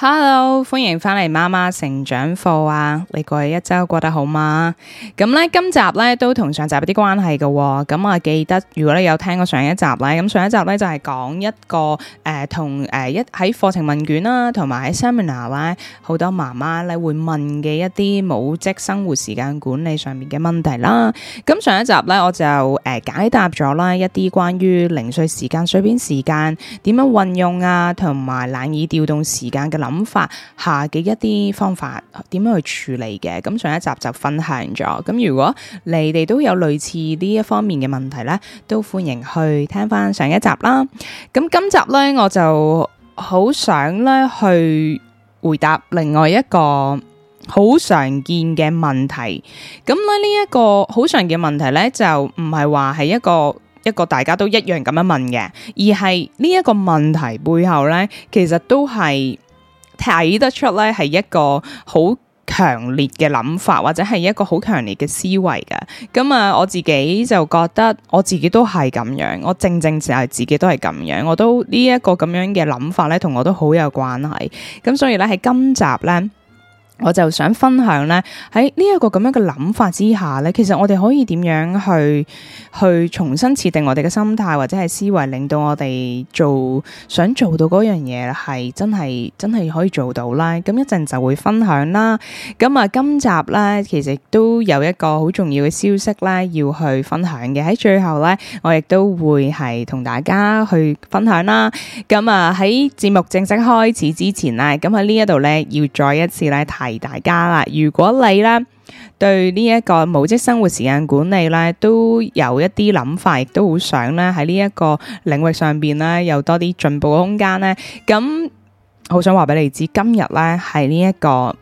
Hello，歡迎翻嚟媽媽成長課啊！你過去一周過得好嗎？咁、嗯、咧，今集咧都同上集有啲關係嘅、哦。咁、嗯、啊，記得如果你有聽過上一集呢，咁、嗯、上一集咧就係、是、講一個誒、呃，同誒、呃、一喺課程問卷啦，同埋喺 Seminar 咧，好多媽媽咧會問嘅一啲母職生活時間管理上面嘅問題啦。咁、嗯、上一集咧，我就誒、呃、解答咗啦一啲關於零碎時間、碎片時間點樣運用啊，同埋難以調動時間嘅流。諗法下嘅一啲方法，點樣去處理嘅？咁上一集就分享咗。咁如果你哋都有類似呢一方面嘅問題呢，都歡迎去聽翻上一集啦。咁今集呢，我就好想咧去回答另外一個好常見嘅問題。咁咧呢一個好常見嘅問題呢，就唔係話係一個一個大家都一樣咁樣問嘅，而係呢一個問題背後呢，其實都係。睇得出咧，係一個好強烈嘅諗法，或者係一個好強烈嘅思維噶。咁啊，我自己就覺得，我自己都係咁樣，我正正就係自己都係咁樣，我都呢一個咁樣嘅諗法咧，同我都好有關係。咁所以咧，喺今集咧。我就想分享咧，喺呢一個咁樣嘅諗法之下咧，其實我哋可以點樣去去重新設定我哋嘅心態或者係思維，令到我哋做想做到嗰樣嘢係真係真係可以做到啦。咁一陣就會分享啦。咁啊，今集咧其實都有一個好重要嘅消息咧，要去分享嘅，喺最後咧，我亦都會係同大家去分享啦。咁啊，喺節目正式開始之前咧，咁喺呢一度咧要再一次咧係大家啦，如果你咧對呢一個母職生活時間管理咧都有一啲諗法，亦都好想咧喺呢一個領域上邊咧有多啲進步嘅空間咧，咁好想話俾你知，今日咧係呢一個。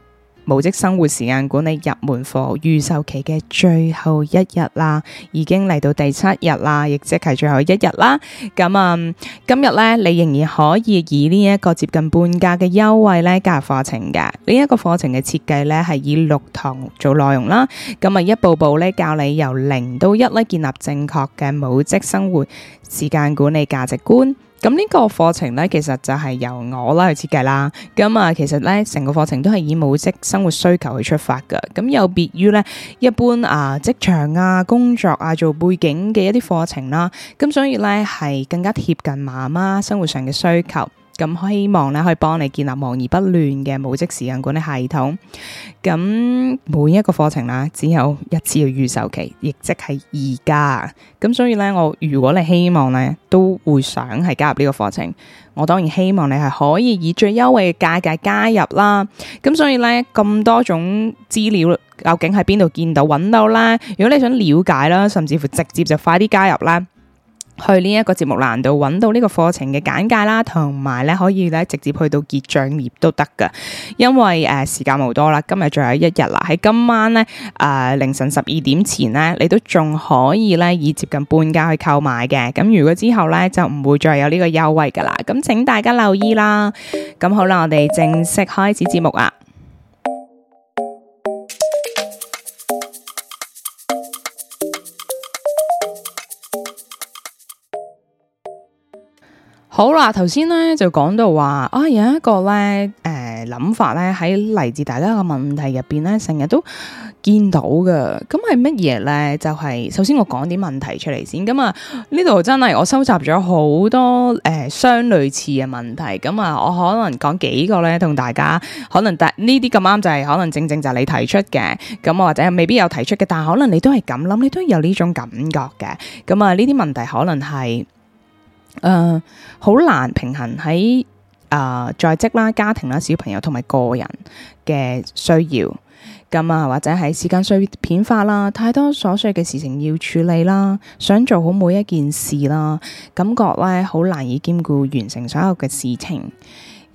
母職生活時間管理入門課預售期嘅最後一日啦，已經嚟到第七日啦，亦即係最後一日啦。咁、嗯、啊，今日咧你仍然可以以呢一個接近半價嘅優惠咧加入課程嘅。這個、課程呢一個課程嘅設計咧係以六堂做內容啦，咁啊一步步咧教你由零到一咧建立正確嘅母職生活時間管理價值觀。咁呢個課程咧，其實就係由我啦去設計啦。咁、嗯、啊，其實咧成個課程都係以母職生活需求去出發噶。咁、嗯、有別於咧一般啊職場啊工作啊做背景嘅一啲課程啦。咁、嗯、所以咧係更加貼近媽媽生活上嘅需求。咁希望咧，可以幫你建立忙而不亂嘅母職時間管理系統。咁每一個課程啦，只有一次嘅預售期，亦即係而家。咁所以咧，我如果你希望咧，都會想係加入呢個課程。我當然希望你係可以以最優惠嘅價格加入啦。咁所以咧，咁多種資料究竟喺邊度見到、揾到啦？如果你想了解啦，甚至乎直接就快啲加入啦。去呢一個節目欄度揾到呢個課程嘅簡介啦，同埋咧可以咧直接去到結賬頁都得噶，因為誒、呃、時間冇多啦，今日仲有一日啦，喺今晚咧誒、呃、凌晨十二點前咧，你都仲可以咧以接近半價去購買嘅，咁如果之後咧就唔會再有呢個優惠噶啦，咁請大家留意啦，咁好啦，我哋正式開始節目啊！好啦，頭先咧就講到話，啊有一個咧誒諗法咧喺嚟自大家嘅問題入邊咧，成日都見到㗎。咁係乜嘢咧？就係、是、首先我講啲問題出嚟先，咁啊呢度真係我收集咗好多誒、呃、相類似嘅問題，咁啊我可能講幾個咧同大家，可能第呢啲咁啱就係、是、可能正正就係你提出嘅，咁、啊、或者未必有提出嘅，但可能你都係咁諗，你都有呢種感覺嘅，咁啊呢啲問題可能係。誒，好、uh, 難平衡喺在職啦、uh,、家庭啦、小朋友同埋個人嘅需要，咁啊或者係時間碎片化啦，太多瑣碎嘅事情要處理啦，想做好每一件事啦，感覺咧好難以兼顧完成所有嘅事情。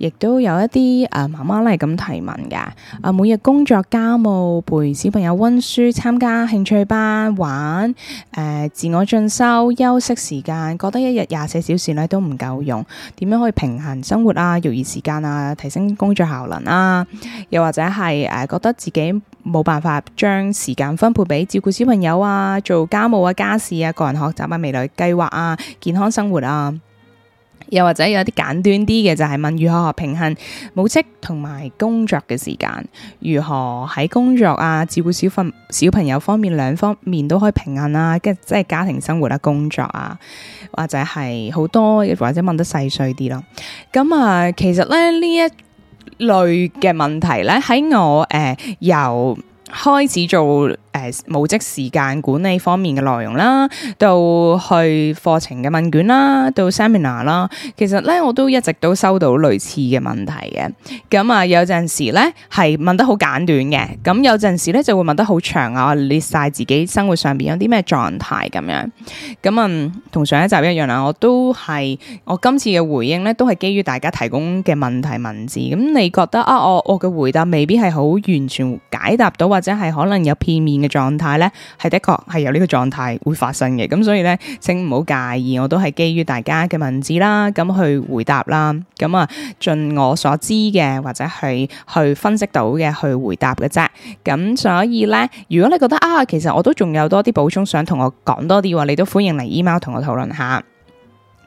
亦都有一啲誒、啊、媽媽咧咁提問嘅，啊每日工作家務陪小朋友溫書、參加興趣班、玩、呃、自我進修、休息時間，覺得一日廿四小時咧都唔夠用，點樣可以平衡生活啊、育兒時間啊、提升工作效能啊，又或者係誒、呃、覺得自己冇辦法將時間分配俾照顧小朋友啊、做家務啊、家事啊、個人學習啊、未來計劃啊、健康生活啊。又或者有啲簡短啲嘅，就係、是、問如何平衡母職同埋工作嘅時間，如何喺工作啊、照顧小份小朋友方面兩方面都可以平衡啊，跟即係家庭生活啦，啊、工作啊，或者係好多或者問得細碎啲咯。咁啊，其實咧呢一類嘅問題咧，喺我誒、呃、由開始做。誒、呃，母職時間管理方面嘅內容啦，到去課程嘅問卷啦，到 seminar 啦，其實咧我都一直都收到類似嘅問題嘅，咁、嗯、啊有陣時咧係問得好簡短嘅，咁、嗯、有陣時咧就會問得好長啊，我列晒自己生活上面有啲咩狀態咁樣，咁啊同上一集一樣啦，我都係我今次嘅回應咧都係基於大家提供嘅問題文字，咁、嗯、你覺得啊我我嘅回答未必係好完全解答到，或者係可能有片面。嘅狀態咧，係的確係有呢個狀態會發生嘅，咁所以咧，請唔好介意，我都係基於大家嘅文字啦，咁去回答啦，咁啊，盡我所知嘅或者係去、去分析到嘅去回答嘅啫。咁所以咧，如果你覺得啊，其實我都仲有多啲補充，想同我講多啲話，你都歡迎嚟 email 同我討論下。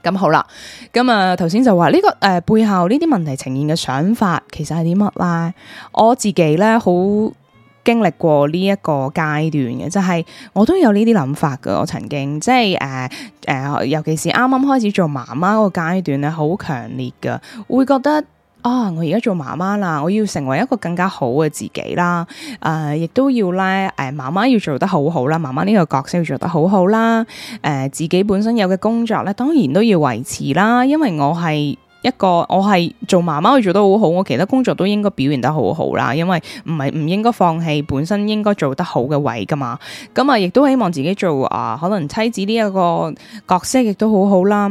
咁好啦，咁啊，頭先就話呢、這個誒、呃、背後呢啲問題呈現嘅想法，其實係啲乜啦？我自己咧好。很經歷過呢一個階段嘅，就係我都有呢啲諗法噶。我曾經即係誒誒，尤其是啱啱開始做媽媽嗰個階段咧，好強烈噶，會覺得啊，我而家做媽媽啦，我要成為一個更加好嘅自己啦。誒，亦都要咧，誒，媽媽要做得好好啦，媽媽呢個角色要做得好好啦。誒，自己本身有嘅工作咧，當然都要維持啦，因為我係。一個我係做媽媽，我做得好好，我其他工作都應該表現得好好啦。因為唔係唔應該放棄本身應該做得好嘅位噶嘛。咁啊，亦都希望自己做啊，可能妻子呢一個角色亦都好好啦。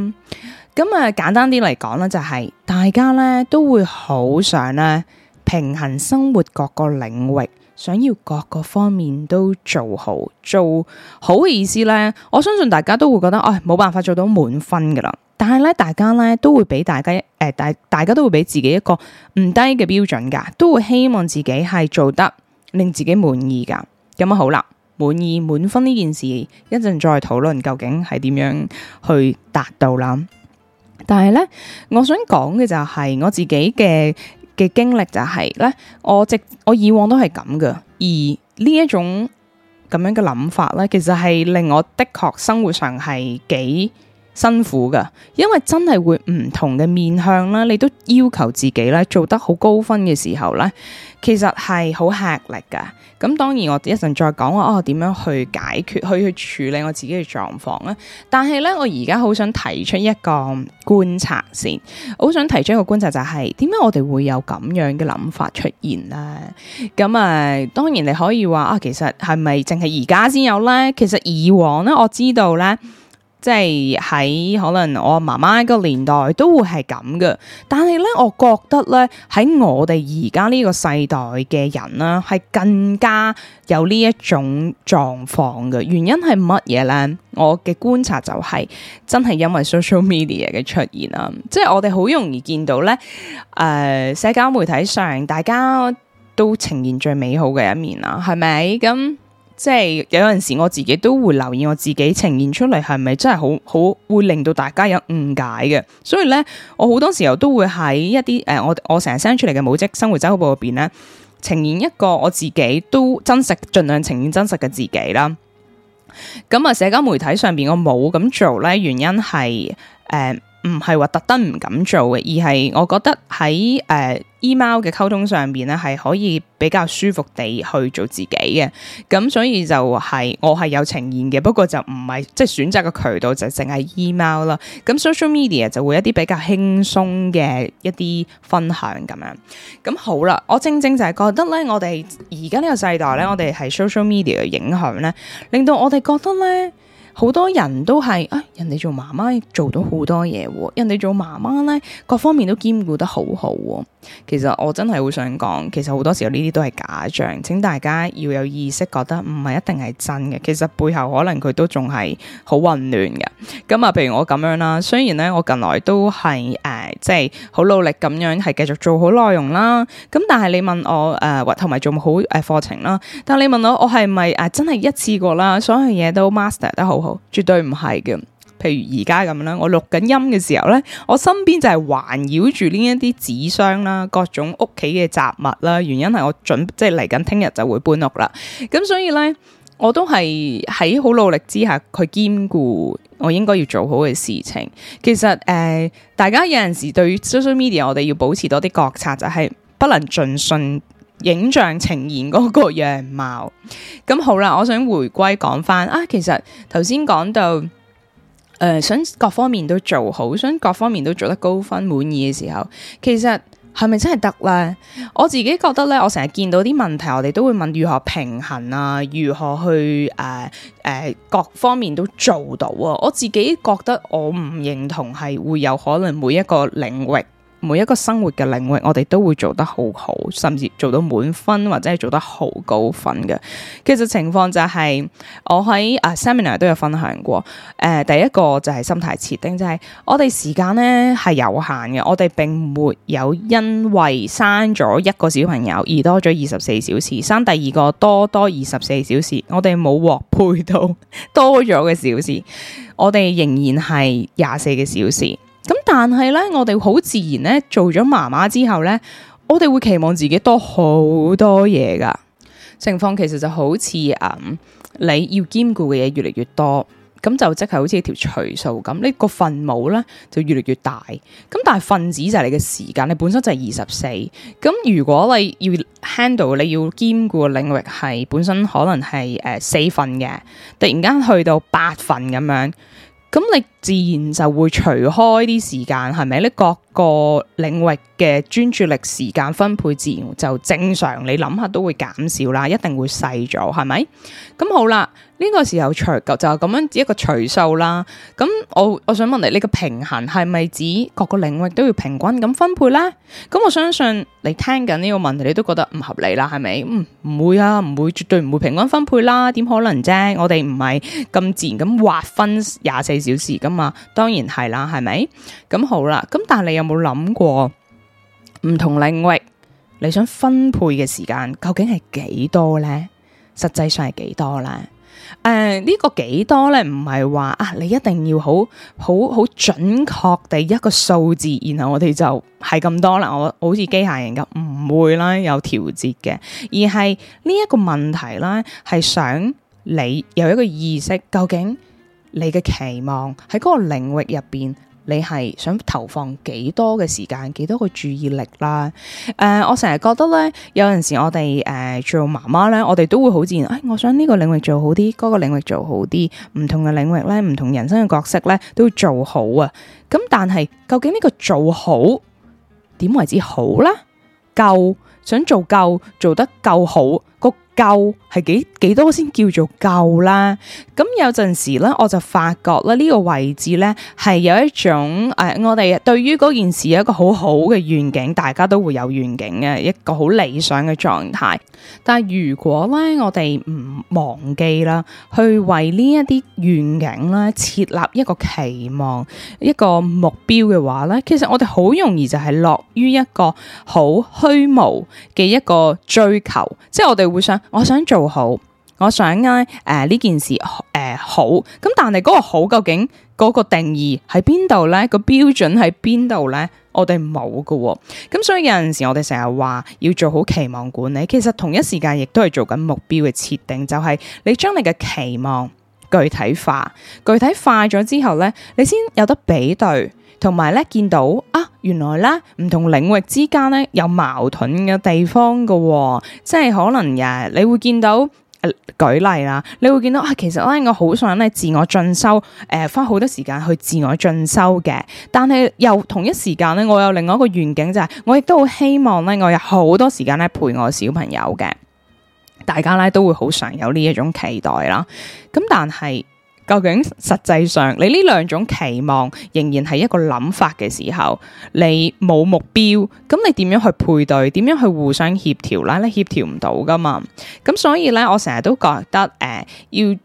咁啊，簡單啲嚟講呢，就係大家呢都會好想呢，平衡生活各個領域，想要各個方面都做好。做好嘅意思呢，我相信大家都會覺得，唉、哎，冇辦法做到滿分噶啦。但係咧，大家咧都會俾大家，誒，大大家都會俾、呃、自己一個唔低嘅標準噶，都會希望自己係做得令自己滿意噶。咁啊好啦，滿意滿分呢件事，一陣再討論究竟係點樣去達到啦。但係咧，我想講嘅就係、是、我自己嘅嘅經歷就係咧，我直我以往都係咁噶，而呢一種咁樣嘅諗法咧，其實係令我的確生活上係幾。辛苦噶，因為真係會唔同嘅面向啦，你都要求自己咧做得好高分嘅時候咧，其實係好吃力噶。咁當然我一陣再講話，我點樣去解決，去去處理我自己嘅狀況咧。但係咧，我而家好想提出一個觀察先，好想提出一個觀察就係，點解我哋會有咁樣嘅諗法出現咧？咁啊，當然你可以話啊，其實係咪淨係而家先有咧？其實以往咧，我知道咧。即係喺可能我媽媽個年代都會係咁嘅，但係咧，我覺得咧喺我哋而家呢個世代嘅人啦，係更加有呢一種狀況嘅原因係乜嘢咧？我嘅觀察就係、是、真係因為 social media 嘅出現啦，即係我哋好容易見到咧，誒、呃，社交媒體上大家都呈現最美好嘅一面啦，係咪咁？嗯即係有陣時我自己都會留意我自己呈現出嚟係咪真係好好，會令到大家有誤解嘅，所以咧我好多時候都會喺一啲誒、呃、我我成日 send 出嚟嘅《母職生活週報面呢》入邊咧呈現一個我自己都真實盡量呈現真實嘅自己啦。咁、嗯、啊，社交媒體上邊我冇咁做咧，原因係誒。呃唔係話特登唔敢做嘅，而係我覺得喺、呃、email 嘅溝通上邊咧，係可以比較舒服地去做自己嘅。咁所以就係、係、我係有呈現嘅，不過就唔係即係選擇嘅渠道就淨係 email 啦。咁 social media 就會一啲比較輕鬆嘅一啲分享咁樣。咁好啦，我正正就係覺得咧，我哋而家呢個世代咧，我哋係 social media 嘅影響咧，令到我哋覺得咧。好多人都係啊、哎，人哋做媽媽做到好多嘢喎，人哋做媽媽咧，各方面都兼顧得好好、哦、喎。其實我真係好想講，其實好多時候呢啲都係假象，請大家要有意識覺得唔係一定係真嘅。其實背後可能佢都仲係好混亂嘅。咁啊，譬如我咁樣啦，雖然咧我近來都係誒即係好努力咁樣係繼續做好內容啦，咁但係你問我誒，同、呃、埋做好誒課程啦，但你問我我係咪誒真係一次過啦，所有嘢都 master 得好？絕對唔係嘅，譬如而家咁啦，我錄緊音嘅時候呢，我身邊就係環繞住呢一啲紙箱啦，各種屋企嘅雜物啦。原因係我準，即係嚟緊聽日就會搬屋啦。咁所以呢，我都係喺好努力之下，去兼顧我應該要做好嘅事情。其實誒、呃，大家有陣時對 social media，我哋要保持多啲覺察，就係、是、不能盡信。影像呈現嗰個樣貌，咁好啦。我想回歸講返啊，其實頭先講到、呃，想各方面都做好，想各方面都做得高分滿意嘅時候，其實係咪真係得呢？我自己覺得咧，我成日見到啲問題，我哋都會問如何平衡啊，如何去誒、呃呃、各方面都做到啊？我自己覺得我唔認同係會有可能每一個領域。每一個生活嘅領域，我哋都會做得好好，甚至做到滿分或者係做得好高分嘅，其實情況就係、是、我喺啊 seminar 都有分享過。誒、呃，第一個就係心態設定，就係、是、我哋時間呢係有限嘅。我哋並沒有因為生咗一個小朋友而多咗二十四小時，生第二個多多二十四小時，我哋冇獲配到多咗嘅小時，我哋仍然係廿四個小時。咁但係咧，我哋好自然咧，做咗媽媽之後咧，我哋會期望自己多好多嘢噶。情況其實就好似，嗯，你要兼顧嘅嘢越嚟越多，咁就即係好似條除數咁，你個分母咧就越嚟越大。咁但係分子就係你嘅時間，你本身就係二十四。咁如果你要 handle 你要兼顧嘅領域係本身可能係誒四份嘅，突然間去到八份咁樣，咁你。自然就會除開啲時間，係咪？呢各個領域嘅專注力時間分配自然就正常，你諗下都會減少啦，一定會細咗，係咪？咁好啦，呢個時候除就係咁樣一個除數啦。咁我我想問你，呢個平衡係咪指各個領域都要平均咁分配咧？咁我相信你聽緊呢個問題你都覺得唔合理啦，係咪？嗯，唔會啊，唔會絕對唔會平均分配啦，點可能啫？我哋唔係咁自然咁劃分廿四小時咁。當然係啦，係咪？咁好啦，咁但係你有冇諗過唔同領域，你想分配嘅時間究竟係幾多呢？實際上係幾多呢？誒、呃，呢個幾多呢？唔係話啊，你一定要好好好準確地一個數字，然後我哋就係咁多啦。我好似機械人咁唔會啦，有調節嘅，而係呢一個問題啦，係想你有一個意識，究竟。你嘅期望喺嗰個領域入邊，你係想投放幾多嘅時間，幾多個注意力啦？誒，uh, uh，我成日覺得咧，有陣時我哋誒做媽媽咧，我哋都會好自然。誒，哎，我想呢個領域做好啲，嗰個領域做好啲，唔同嘅領域咧，唔同人生嘅角色咧，都會做好啊！咁但係究竟呢個做好點為之好咧？夠想做夠做得夠好個，夠係幾幾多先叫做夠啦？咁有陣時咧，我就發覺咧呢個位置咧係有一種誒、呃，我哋對於嗰件事有一個好好嘅願景，大家都會有願景嘅一個好理想嘅狀態。但係如果咧我哋唔忘記啦，去為呢一啲願景啦設立一個期望、一個目標嘅話咧，其實我哋好容易就係落於一個好虛無嘅一個追求，即係我哋會想。我想做好，我想嗌誒呢件事誒、呃、好，咁但係嗰個好究竟嗰個定義喺邊度咧？個標準喺邊度咧？我哋冇㗎喎。咁所以有陣時我哋成日話要做好期望管理，其實同一時間亦都係做緊目標嘅設定，就係、是、你將你嘅期望具體化，具體化咗之後咧，你先有得比對。同埋咧，見到啊，原來咧唔同領域之間咧有矛盾嘅地方嘅、哦，即係可能呀，你會見到、呃，舉例啦，你會見到啊，其實咧，我好想咧自我進修，誒、呃，花好多時間去自我進修嘅，但係又同一時間咧，我有另外一個願景、就係，就係我亦都好希望咧，我有好多時間咧陪我小朋友嘅，大家咧都會好常有呢一種期待啦，咁但係，究竟實際上，你呢兩種期望仍然係一個諗法嘅時候，你冇目標，咁你點樣去配對？點樣去互相協調啦？你協調唔到㗎嘛？咁所以咧，我成日都覺得，uh, 要。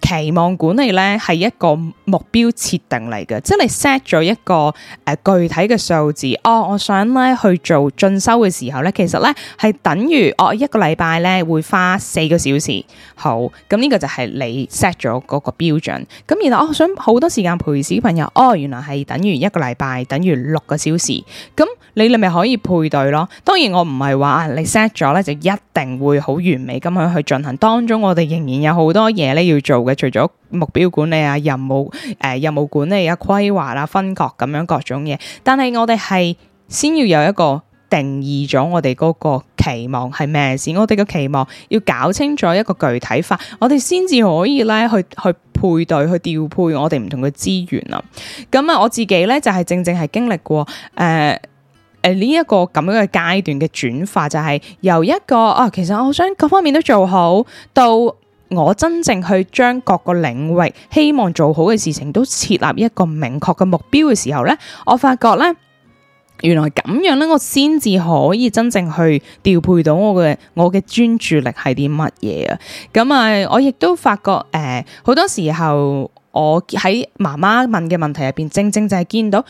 期望管理咧，係一個目標設定嚟嘅，即係你 set 咗一個，呃、具體嘅數字。哦，我想咧去做進修嘅時候咧，其實咧係等於哦一個禮拜咧會花四個小時，好，咁、嗯、呢、這個就係你 set 咗嗰個標準，咁、嗯、然後我、哦、想好多時間陪小朋友。哦，原來係等於一個禮拜等於六個小時，咁、嗯、你你咪可以配對咯。當然我唔係話啊你 set 咗咧就一定會好完美咁樣去進行，當中我哋仍然有好多嘢咧要做。除咗目標管理啊、任務誒、呃、任務管理啊、規劃啦、分割咁樣各種嘢，但係我哋係先要有一個定義咗我哋嗰個期望係咩先，我哋嘅期望要搞清楚一個具體化，我哋先至可以咧去去配對、去調配我哋唔同嘅資源啊。咁啊，我自己咧就係、是、正正係經歷過誒誒呢一個咁樣嘅階段嘅轉化，就係、是、由一個啊，其實我想各方面都做好到。我真正去將各個領域希望做好嘅事情都設立一個明確嘅目標嘅時候咧，我發覺咧，原來咁樣咧，我先至可以真正去調配到我嘅我嘅專注力係啲乜嘢啊！咁、嗯、啊，我亦都發覺誒，好、呃、多時候我喺媽媽問嘅問題入邊，正正就係見到，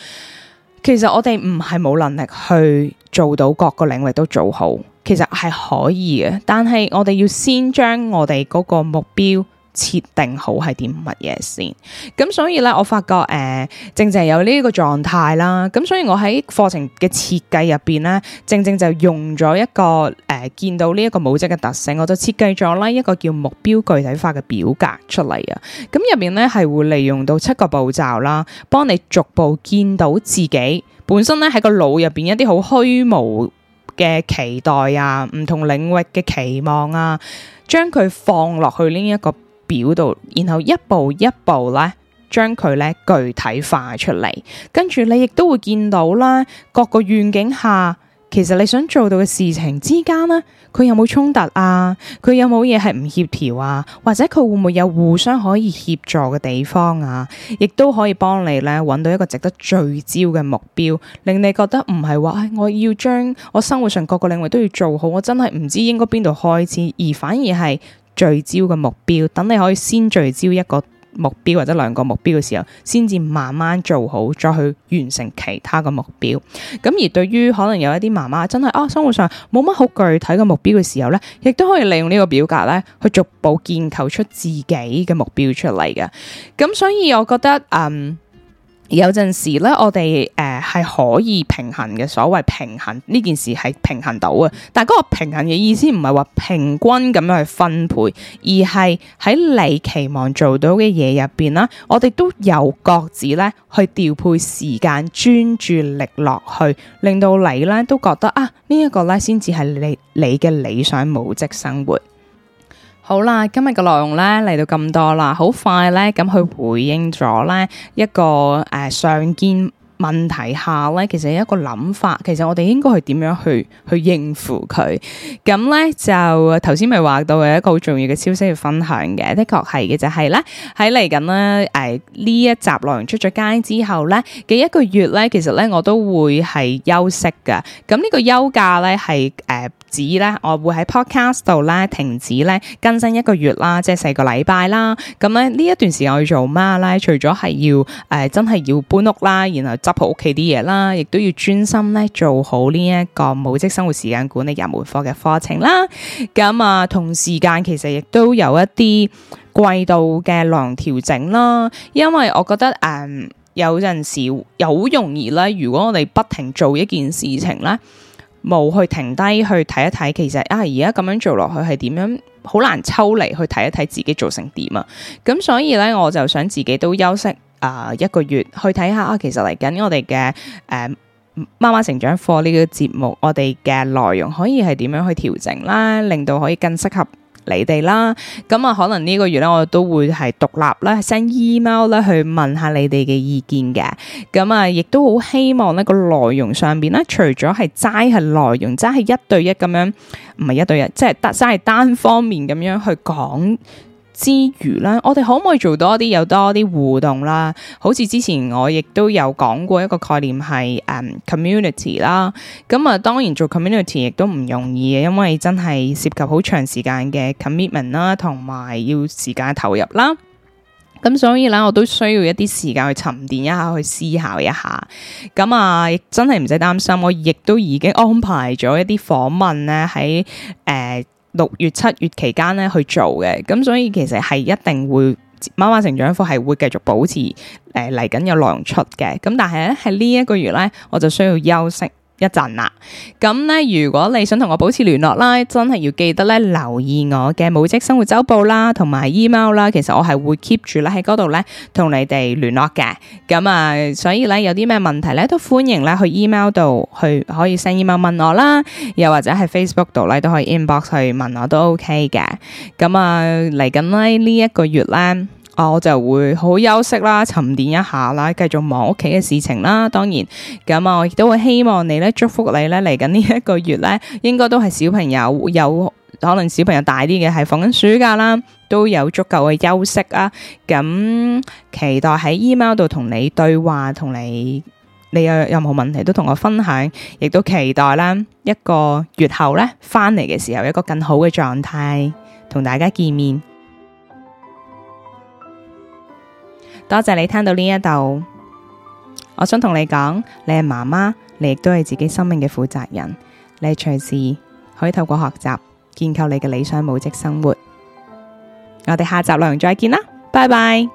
其實我哋唔係冇能力去做到各個領域都做好。其實係可以嘅，但係我哋要先將我哋嗰個目標設定好係點乜嘢先。咁所以咧，我發覺誒、呃，正正有呢一個狀態啦。咁所以我喺課程嘅設計入邊咧，正正就用咗一個誒、呃，見到呢一個母職嘅特性，我就設計咗啦一個叫目標具體化嘅表格出嚟啊。咁入邊咧係會利用到七個步驟啦，幫你逐步見到自己本身咧喺個腦入邊一啲好虛無嘅期待啊，唔同領域嘅期望啊，將佢放落去呢一個表度，然後一步一步咧，將佢咧具體化出嚟，跟住你亦都會見到啦，各個願景下，其實你想做到嘅事情之間呢，佢有冇衝突啊？佢有冇嘢係唔協調啊？或者佢會唔會有互相可以協助嘅地方啊？亦都可以幫你咧搵到一個值得聚焦嘅目標，令你覺得唔係話，我要將我生活上各個領域都要做好，我真係唔知應該邊度開始，而反而係聚焦嘅目標，等你可以先聚焦一個目標或者兩個目標嘅時候，先至慢慢做好，再去完成其他嘅目標。咁而對於可能有一啲媽媽真係啊，生活上冇乜好具體嘅目標嘅時候呢，亦都可以利用呢個表格呢，去逐步建構出自己嘅目標出嚟嘅。咁所以我覺得嗯。有陣時咧，我哋誒係可以平衡嘅，所謂平衡呢件事係平衡到嘅，但係嗰個平衡嘅意思唔係話平均咁樣去分配，而係喺你期望做到嘅嘢入邊啦，我哋都由各自咧去調配時間專注力落去，令到你咧都覺得啊、這個、呢一個咧先至係你你嘅理想母職生活。好啦，今日嘅內容咧嚟到咁多啦，好快咧咁去回應咗咧一個誒常見問題下咧，其實一個諗法，其實我哋應該去點樣去去應付佢？咁咧就頭先咪話到有一個好重要嘅消息要分享嘅，的確係嘅就係咧喺嚟緊咧誒呢，呃，一集內容出咗街之後咧嘅一個月咧，其實咧我都會係休息噶，咁呢個休假咧係誒。指咧，我會喺 podcast 度咧停止咧更新一個月啦，即係四個禮拜啦。咁咧呢這一段時間我要做咩咧？除咗係要誒、呃，真係要搬屋啦，然後執好屋企啲嘢啦，亦都要專心咧做好呢一個母職生活時間管理入門課嘅課程啦。咁啊，同時間其實亦都有一啲季度嘅量調整啦。因為我覺得誒、呃，有陣時好容易咧，如果我哋不停做一件事情咧。冇去停低去睇一睇，其實啊，而家咁樣做落去係點樣？好難抽離去睇一睇自己做成點啊！咁所以呢，我就想自己都休息啊、呃、一個月，去睇下啊，其實嚟緊我哋嘅誒媽媽成長課呢個節目，我哋嘅內容可以係點樣去調整啦，令到可以更適合。你哋啦，咁啊可能呢個月咧，我都會係獨立啦，send email 啦，去問下你哋嘅意見嘅，咁啊亦都好希望呢個內容上邊咧，除咗係齋係內容，齋係一對一咁樣，唔係一對一，即係齋係單方面咁樣去講。之餘咧，我哋可唔可以做多啲有多啲互動啦？好似之前我亦都有講過一個概念係、um, community 啦。咁啊，當然做 community 亦都唔容易嘅，因為真係涉及好長時間嘅 commitment 啦，同埋要時間投入啦。咁所以咧，我都需要一啲時間去沉澱一下，去思考一下。咁啊，亦真係唔使擔心，我亦都已經安排咗一啲訪問咧喺誒六月、七月期間咧去做嘅，咁所以其實係一定會《媽媽成長課》係會繼續保持誒嚟緊有內容出嘅，咁但係咧喺呢一個月咧我就需要休息。一陣啦，咁咧，如果你想同我保持聯絡啦，真係要記得咧留意我嘅《母職生活週報》啦，同埋 email 啦。其實我係會 keep 住咧喺嗰度咧同你哋聯絡嘅。咁啊，所以咧有啲咩問題咧都歡迎咧去 email 度去可以 send email 問我啦，又或者喺 Facebook 度咧都可以 inbox 去問我都 OK 嘅。咁啊，嚟緊咧呢一個月咧。我就會好好休息啦，沉澱一下啦，繼續忙屋企嘅事情啦。當然，咁我亦都會希望你咧，祝福你咧，嚟緊呢一個月咧，應該都係小朋友有可能小朋友大啲嘅，係放緊暑假啦，都有足夠嘅休息啊。咁期待喺 email 度同你對話，同你你有任何問題都同我分享，亦都期待啦一個月後咧翻嚟嘅時候，一個更好嘅狀態，同大家見面。多謝你聽到呢一度，我想同你講，你係媽媽，你亦都係自己生命嘅負責人。你隨時可以透過學習，建構你嘅理想母職生活。我哋下集內容再見啦，拜拜。